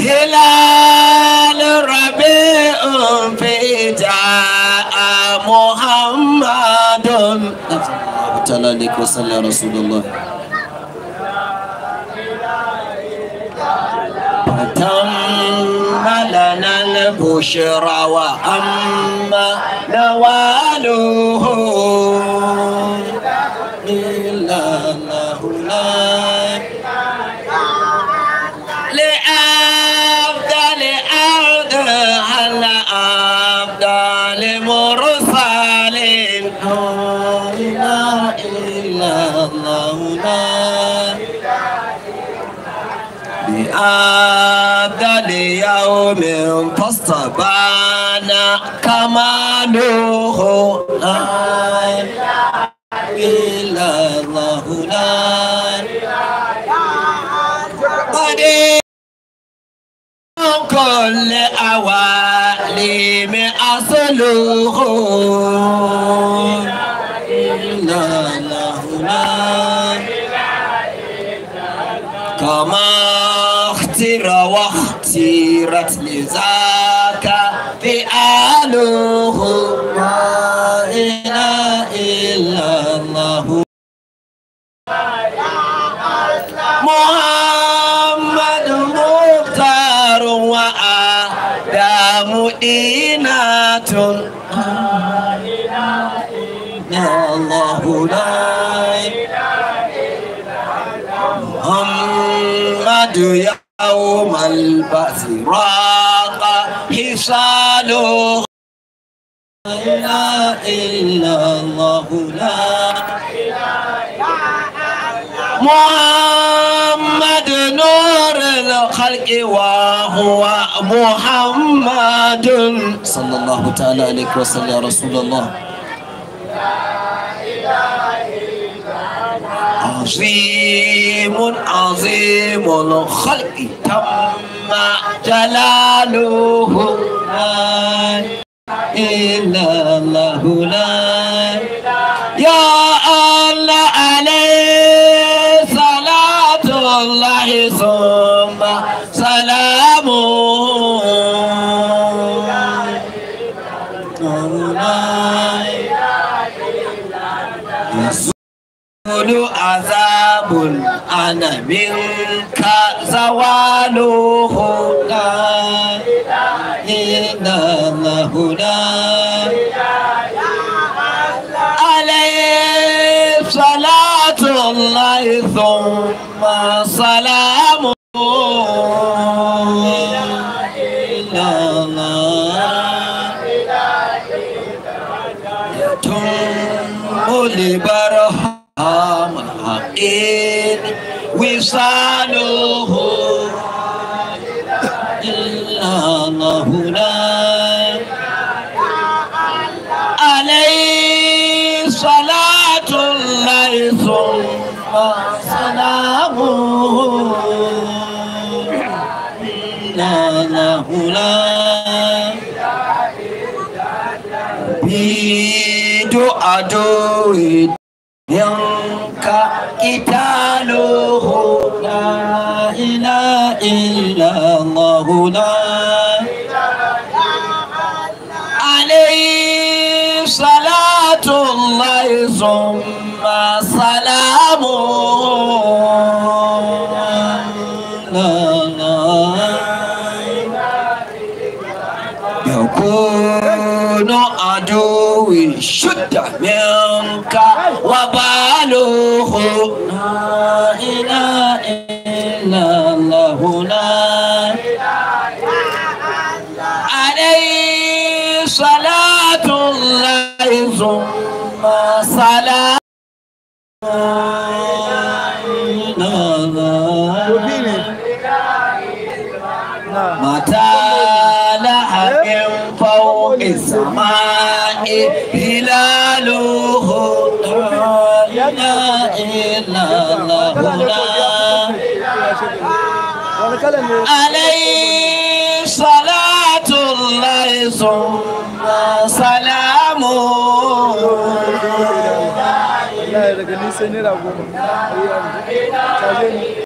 هلال ربيع في جاء محمد تعالى عليك وصلى رسول الله فتم لنا البشرى وأما نواله وعليم لا إله إلا الله لا بأبدل يوم فاستبانا كماله لا إله إلا الله لا كل أواليم أصله إنا له كما اختر واختيرت لذاك فئاله لا إله إلا الله دامدينات لا إله إلا الله لا محمد يوم البعث راق حصاله لا إله إلا الله لا إله إلا الله الخلق وهو محمد صلى الله تعالى عليك وسلم يا رسول الله عظيم عظيم الخلق تم جلاله لا إلا الله لا يا الله عليه صلاة الله صلاة Zulu azabun ana minka zawaluhu la ila lahuna alayhi salatu Allah thumma salamu لبرهام إن وصاله إلا الله لا عليه صلاة الله ثم سلامه إلا الله لا be Do ido ado yanka italo la illa Allah la alayhi salatullah summa salamu يقول كون عدو شد منك وباله لا إله إلا الله لا عليه صلاة الله ثم صلاة متى من فوق السماء هلاله لا إلا الله لا عليه صلاة الله ثم سلامه